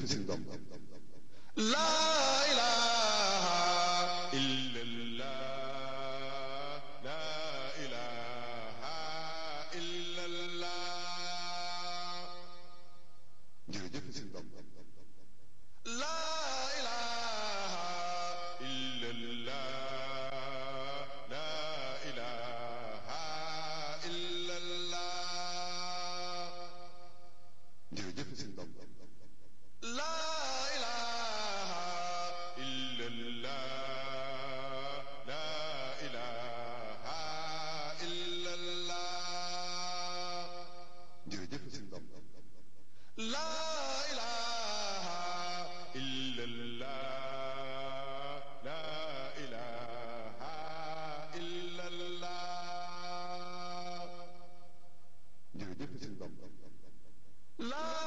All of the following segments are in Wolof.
fi si ndam laa الله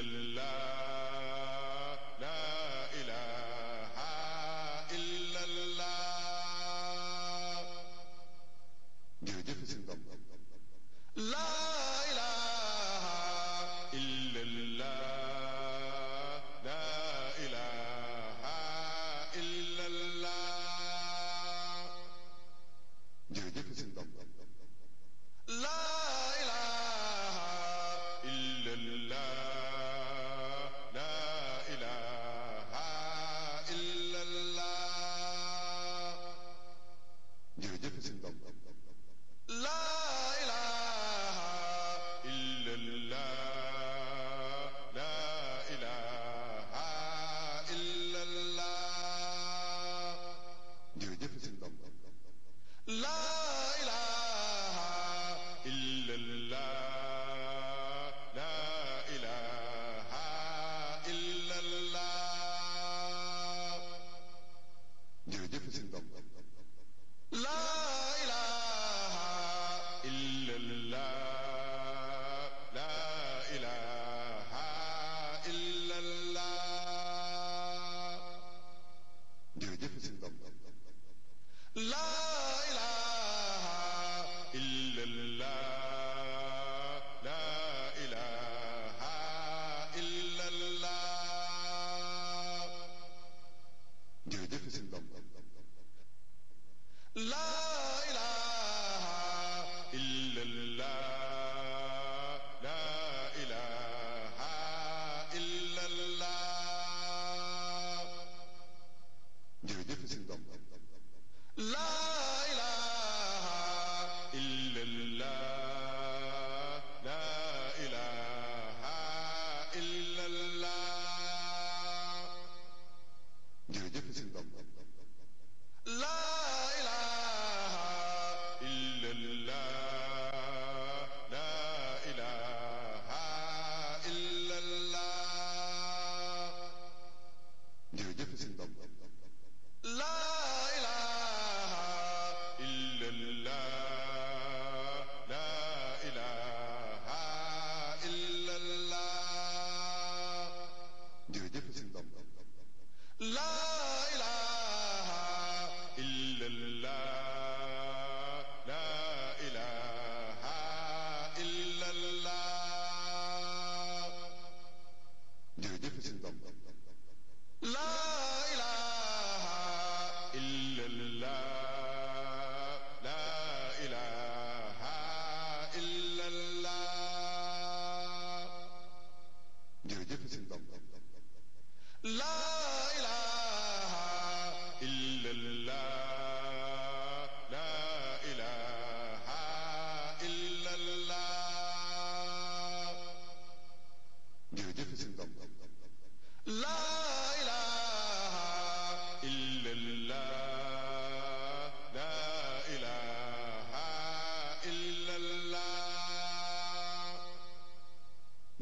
illallah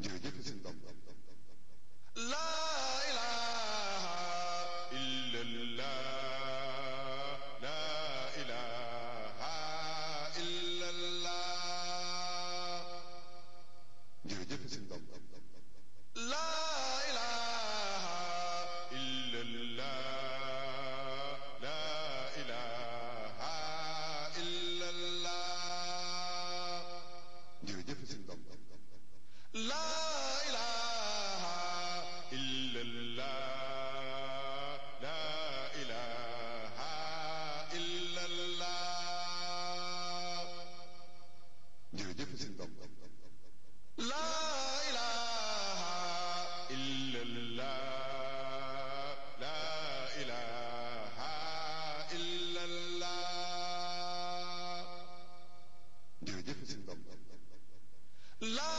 jërëjëf la